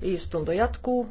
Istunto jatkuu.